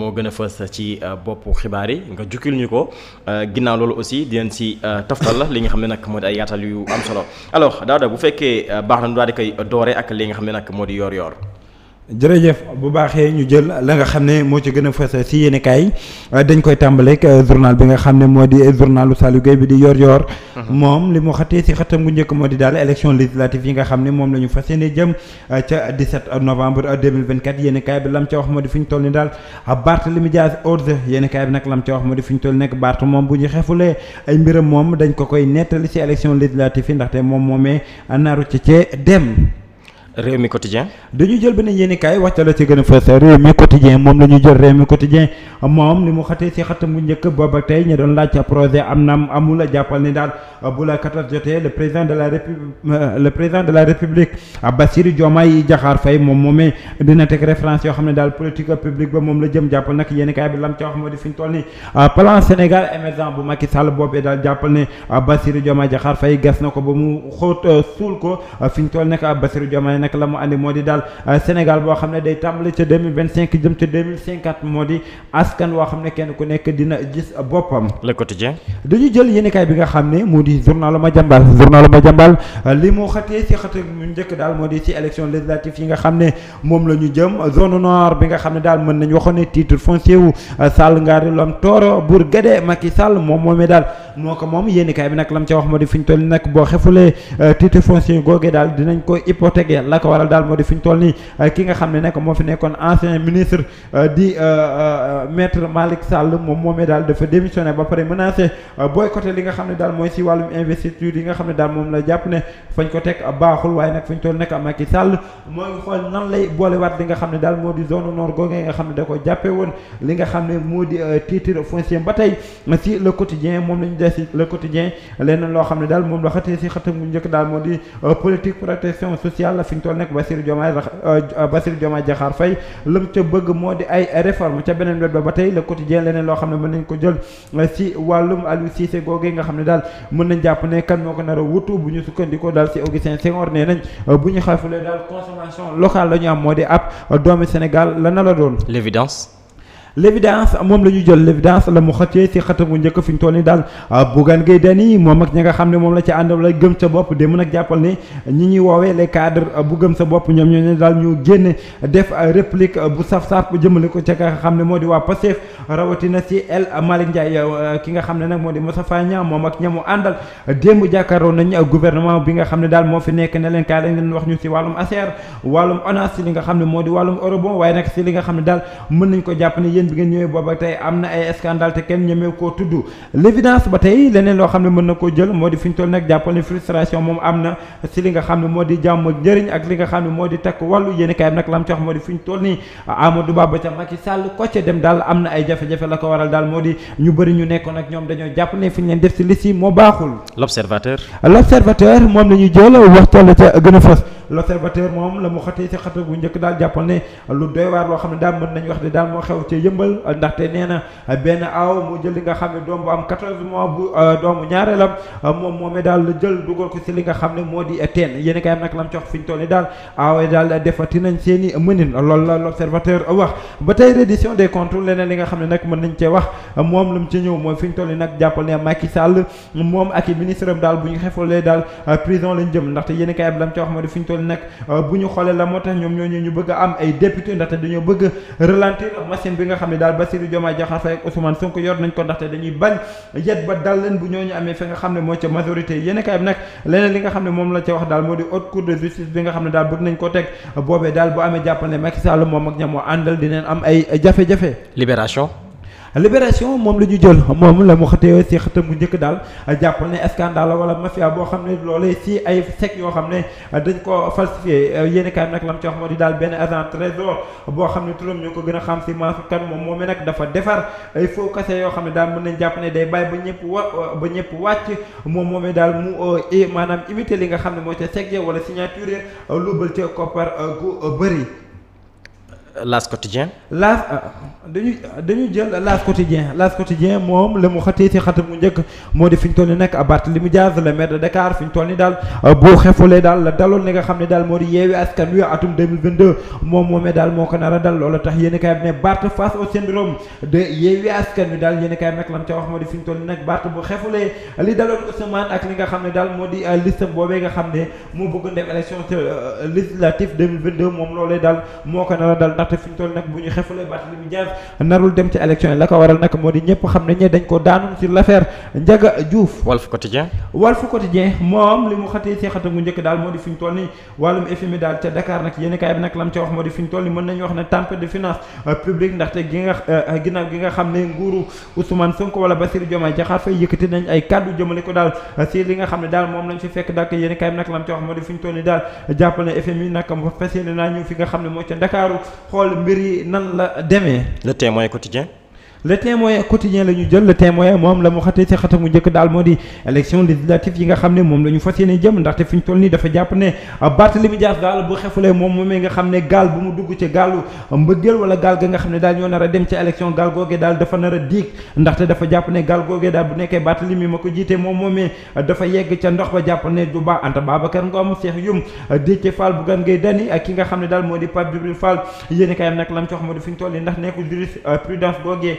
moo gën a sa ci euh, bopp xibaar yi nga jukkil ñu ko euh, ginnaaw loolu aussi di leen si euh, toftal la li nga xam ne nag moo di ay yaatal yu am solo alors Daouda bu fekkee baax na nu daal di koy doore ak li nga xam ne nag moo di yoor yoor jërëjëf bu baaxee ñu jël la nga xam ne moo ci gën a fës si yéen ah, dañ koy tàmbaleek euh, journal bi nga xam ne moo di euh, journalu Saliou Gueye bi di yor yor mhm. moom li mu xatee si xatam gu njëkk moo di daal élection législative yi nga xam ne moom la ñu fas yéene jëm euh, ca 17 novembre 2024 yéen kaay bi lam ca wax ma di fi ñu toll ni daal Barthélémy Dias hors jeu yéen kaay bi nag lam ca wax moo di fi ñu toll nekk Barth moom bu ñu xefulee ay mbiram moom dañ ko koy nettali si élection législative yi ndaxte moom moomee naaru ca cee dem réew mi quotidien dañu jël benn yéeni kaay waxta la ci gën a fës réew mi quotidien moom la jël réew mi quotidien moom ni mu xatee si xatam bu njëkk booba tey ñu doon laaj projet am na amul a jàppal ni daal bu la 14 jotee le président de la république euh, le président de la république Bassirou Diomaye Diakhar Faye moom moomee dina teg référence yoo xam ne daal politique publique ba moom la jëm jàppal nag yéeni kaay bi lam ca wax moo di fi ñu toll ni plan Sénégal émergent bu Macky Sall boobee na ko ba mu xóot euh, suul ko euh, fi ñu toll nag la mu andi moo di daal euh, Sénégal boo xam ne day tàmbali ca 2025 jëm ca 2050 moo di askan woo xam ne kenn ku nekk dina gis boppam. dañu jël yéenekaay bi nga xam ne moom la jëm zone nord bi nga xam ne daal mën nañu waxoon ne titre foncier wu euh, Sall Ngaari Lom Tooro Bour Guédé Macky Sall moom moomee daal moo ko moom yéenekaay bi nag lam ca wax moo di fi ñu toll nag boo xefulee euh, titre foncier googee daal dinañ ko hypothéquer la ko waral daal moo di fi ñu toll nii euh, ki nga xam ne nag moo fi nekkoon ancien ministre euh, di euh, maître Malick Sall moom moomee daal dafa démissionné ba pare menacé boycotté li nga xam ne daal mooy yi nga xam ne daal moom la jàpp ne fañ ko teg baaxul waaye nag fañ toll nekk Macky Sall moo ngi xool nan lay boolewaat li di zone nord googee nga xam ne da ko jàppe woon li nga xam ne moo di titre foncier ba tey si le quotidien moom la ñu des si le quotidien leneen loo xam ne daal moom la xëtee si xëtam bu njëkk daal moo di politique protection sociale la fi toll nekk Bassirou Diomaye euh, euh, Bassirou Diomaye Diakhar Faye lam ca bëgg moo di ay réforme ca beneen wet ba ba tey le quotidien leneen loo xam ne mën nañ ko jël euh, si wàllum Aliou Cissé googee nga xam ne daal mën nañ jàpp ne kan moo ko nar a wutu bu ñu sukkandikoo daal si Augustin Senghor ne nañ bu ñu xafulee daal consommation locale la ñu am moo di ab doomi Sénégal la na la doon l'évidence l' évidence moom la ñu jël l' évidence la mu xëccee si xëtam bu njëkk fi ñu toll nii daal ah, Bougane Gueye Dany moom ak ñi nga xam ne moom la ci ànd la gëm sa bopp de mën a jàppal ne ñi ñuy woowee les cadres sa bopp ñoom ñoo ne daal ñu génne def réplique bu saf saf bu jëmale ko nga xam ne moo di waa Pastef rawatina si El Malick euh, ki nga xam ne nag moo di Moustapha Niang moom ak ñamu àndal démb jàkkaaroon nañ gouvernement bi nga xam ne daal moo fi nekk ne leen kaay lañ leen wax ñu si wàllum ASER wàllum ONAS si li nga xam ne moo di wàllum eurobond waaye nag si li nga xam ne daal mën nañ ko yéen bi ngeen ñëwee booba tey am na ay scandale te kenn ñemee koo tudd l'évidence ba tey leneen loo xam ne mën na koo jël moo di fi ñu toll li nga xam ne moo di jàmm ak njëriñ ak li nga xam ne nii Amadou Ba ba ca Macky Sall ko ca dem daal am na ay jafe-jafe la ko waral daal moo di ñu bëri ñu nekkoon ak ñoom dañoo jàpp ne fi ñu leen def si liste yi moo baaxul a fës l'observateur moom la mu xatee ci xata bu njëkk daal jàppal ne lu doy waar loo xam ne daal mën nañu wax ne daal moo xew ci yëmbal ndaxte nee na benn aaw mu jël li nga xam ne doom bu am 14 mois bu euh, doomu ñaareelam la jël dugal ko si li nga xam ne moo di teen yéen kay am nag lam cox fi ñu toll nii daal aaw daal defati nañ seen i mënin loolu la l'observateur wax ba tey reddition des comptes leneen li nga xam ne nag wax moom lu mu ci ñëw mooy nag jàppal ne Macky Sall moom ak i ministre am daal bu ñu xefalee euh, toll nag euh, bu ñu xoolee la moo tax ñoom ñooñu ñu bëgg am ay député ndaxte dañoo bëgg a ralentir machine bi nga xam ne daal Bassirou Diomaye Diakhar Faye ak Ousmane Sonko yor nañ ko ndaxte dañuy bañ yet ba dal leen bu ñu amee fi nga xam ne moo ca majorité yéen kay nag leneen li nga xam ne moom la ca wax daal moo di haute cour de justice bi nga xam ne daal bëgg nañ ko teg boobee daal bu amee jàppal ne Macky Sall moom ak ña moo àndal dineen am ay jafe-jafe libération moom la ñu jël moom la mu xëtee si xëtam bu njëkk daal jàppal ne scandale la wala mafia boo xam ne loolee si ay chèques yoo xam ne dañ ko falsifié yéen i nag la di daal benn agent trésor boo xam ne turam ñu ko gën a xam si Mansour Kane moom moomee nag dafa defar ay faux cachets yoo xam ne daal mën nañ jàpp ne day bàyyi ba ñëpp wa ba ñëpp wàcc moom moomee daal mu maanaam imité li nga xam ne moo ca chèque wala lu luubal ca koppar ku bëri L'As quotidien. L'As dañuy ah, dañuy jël moom la mu xatee si xatam mu njëkk moo di fi ñu toll nii nag Barthélémy Dias le maire de Dakar fi ñu toll nii daal euh, boo la daloon ne daal moo di yeewi askan wi atum 2022 moom moomee daal moo ko nar a dal a de yeewi askan toll nii nag bu xefulee li daloon Ousmane ak nga xam ne daal moo di euh, liste boobee nga xam ne moo bëgg dem élection euh, législative 2022 moom loolee daal moo ko nar a dal ndaxte fi ñu toll nag bu nag moo di ñëpp xam nañ ne dañ ko daanum ci l'affaire Ndiaga Diouf Walf moom li moo di fi ñu toll ni wàllum FMI daal ca Dakar nag bi nag lam ca wax moo di fi euh, euh, gi nga xam ne nguuru Ousmane Sonko wala Bassirou Diomaye Diakhar Faye yëkkati nañ ay kàddu jëmale ko daal euh, fi fekk toll ni daal jàppal FMI nag fas yéene naa ñëw fi nga xam ne moo ca Ndakaaru xool mbir yi nan la demee. le témoin quotidien le témoin quotidien la ñu jël le témoin moom la mu xatee si xata mu moom la ñu fas yéene jëm ndaxte fi ñu toll nii dafa jàpp ne moom moomee nga xam ne gaal bu dugg ci gaalu mbëggeel wala ga xam ne daal ñoo nar a dem ci élection gaal googee daal dafa nar a diig ndaxte dafa jàpp ne gaal googee daal bu nekkee Barthélemy ma ko jiite moom moomee dafa yegg ca ndox ba jàpp ne du baax Anta Babacar Ngom Cheikh Youm Déthié Fall Bougane Gueye Dany ak ki nga xam ne daal moo di Pape Djibril Fall yéeni kayam nag lam ci moo di fi ñu toll nii ndax nekku jurisprudence googee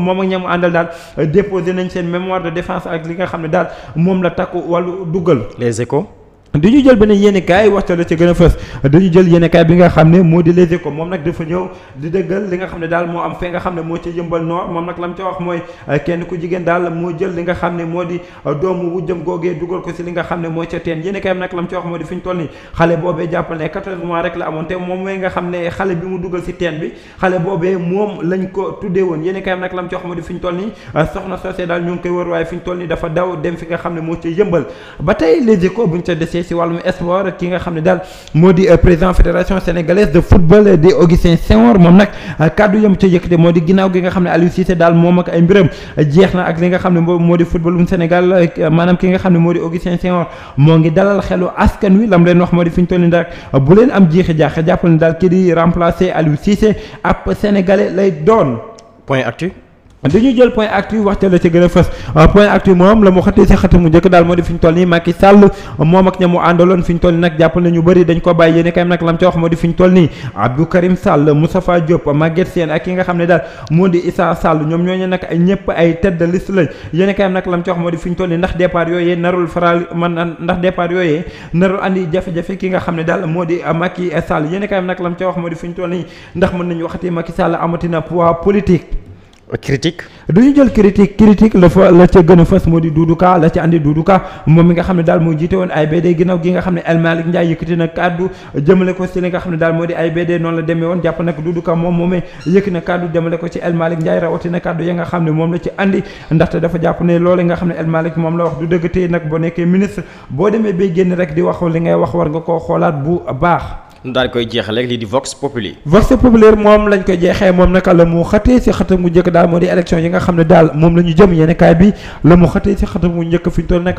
moom ak ñamu àndal daal euh, déposé nañ seen mémoire de défense ak li nga xam ne daal moom la takku wàllu duggal les ko dañu jël beneen yéen kaay waxtaan la ca gën a fës dañu jël yéen kaay bi nga xam ne moo di Les Échos moom nag dafa ñëw di dëggal li nga xam ne daal moo am fee nga xam ne moo ci yëmbal noor moom nag la mu ca wax mooy euh, kenn nga xam ne moo di euh, doomu wujjam dugal ko si li nga xam ne mooy ca teen yéen kaay bi nag la mu ca wax moo di fi ñu toll ni xale boobee ko tuddee woon yéen kaay bi nag la mu ca wax moo di fi ñu toll ni euh, soxna soosé daal ñu ngi koy ne moo ca desee féete si wàllum sport ki nga xam ne daal moo di euh, président fédération sénégalaise de football di Augustin Senghor moom nag euh, kaddu yam ca yëkkate moo di ginnaaw gi nga xam ne Aliou Cissé daal moom ak ay mbiram euh, jeex na ak li nga xam ne moo di footballum Sénégal maanaam ki nga xam ne moo di Augustin Senghor moo ngi dalal xelu askan wi lam leen wax moo di fi ñu toll nii bu leen am jeexe jaaxe jàppal ne daal kii di remplacer Aliou Cissé ab sénégalais lay doon point actu dañuy jël point actu wax ca la ca gën a fës euh, point actu moom la mu xatee si xatu mu njëkk daal moo di fi ñu toll nii Macky Sall moom ak ña mu àndaloon fi ñu toll nii nag jàpp nañu bëri dañ ko Karim Sall Moustapha Diop Maguette Sène ak ki nga xam ne daal moo di Issa Sall ñoom ñooñu nag ñëpp ay tête de liste lañ nag lam ca wax moo di fi ñu toll nii ndax départ ndax départ yooyee narul andi jafe-jafe ki nga xam ne daal moo di Macky Sall yéene kayam nag lam wax moo di fi ñu toll nii ndax mën nañu waxati Macky Sall amatina poids politique critique duñu jël critique critique la fa la ca gën fës moo di Doudou la ca andi Doudou moom mi nga xam ne daal moo jiite woon AIBD ginnaaw gi nga xam ne El Malick Ndiaye yëkkati na kàddu jëmale ko si li nga xam ne daal moo di AIBD noonu Ka moom na kàddu jëmale ci El Malick rawatina kàddu ya nga xam ne moom la ci andi ndaxte dafa jàpp ne loolu nga xam ne El Malick moom la wax du dëgg tey nag boo nekkee ministre boo demee bay génn rek di wax li ngay wax war nga koo xoolaat bu baax nu daal koy jeexaleeg lii di Vox Populi. Vox Populi moom lañ koy jeexee moom naka la mu xëtee si xëtam mu njëkk daal moo di élection yi nga xam ne daal moom la ñu jëm yéen kaay bi la mu xëtee si xëtam mu njëkk fi ñu toll nekk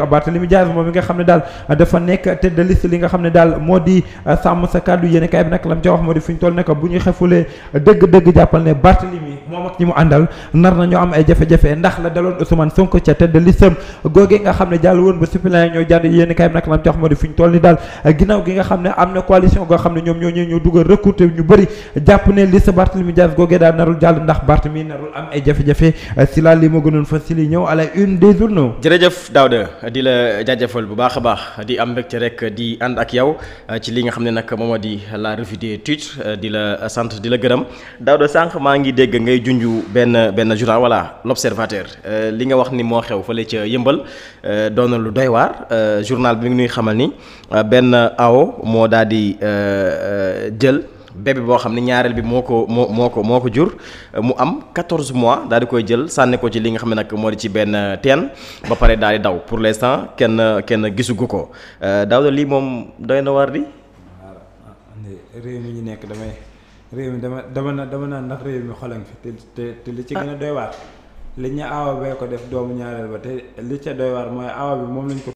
euh, bu ñu xefulee dëgg-dëgg jàppal ne Barthélémy moom ak ñi mu àndal nar nañoo am ay jafe-jafe ndax la daloon Ousmane Sonko ca tête de googee nga xam ne jàll woon ba suppléant ñoo jàdd yéen bi nag la mu ca moo di fi ñu toll ni daal ginnaaw gi nga xam ne am na coalition xam ne ñoom ñoo ñëw ñoo dugal recruté ñu bëri jàpp ne liste Barthélemy Dias googee daa narul jàll ndax Barthélemy jërëjëf Daouda di la jaajëfal bu baax a baax di am mbégte rek di ànd ak yow uh, ci li nga xam ne nag moom di la revue des titres uh, di la sant di la gërëm Daouda sànq maa ngi dégg ngay junj benn benn journal voilà l'observateur uh, li nga wax ni moo xew fële ca yëmbal doon na lu doy waar journal bi ngi nuy xamal ni benn awo moo daal Euh, jël bébé boo xam ne ñaareel bi moo ko moo moo ko moo ko jur euh, mu am 14 mois daal di koy jël sànni ko ci li nga xam ne nag moo di ci benn ten ba pare daal di daw pour l'instant kenn kenn gisugu ko euh, daaw lii moom doy na war di. réew mi ñu nekk damay réew mi dama dama na dama naan ndax réew mi xolan fi te te li ci gën a doy waar li ñu aawa bee ko def doomu ñaareel ba te li ca doy waar mooy aawa bi moom lañ ko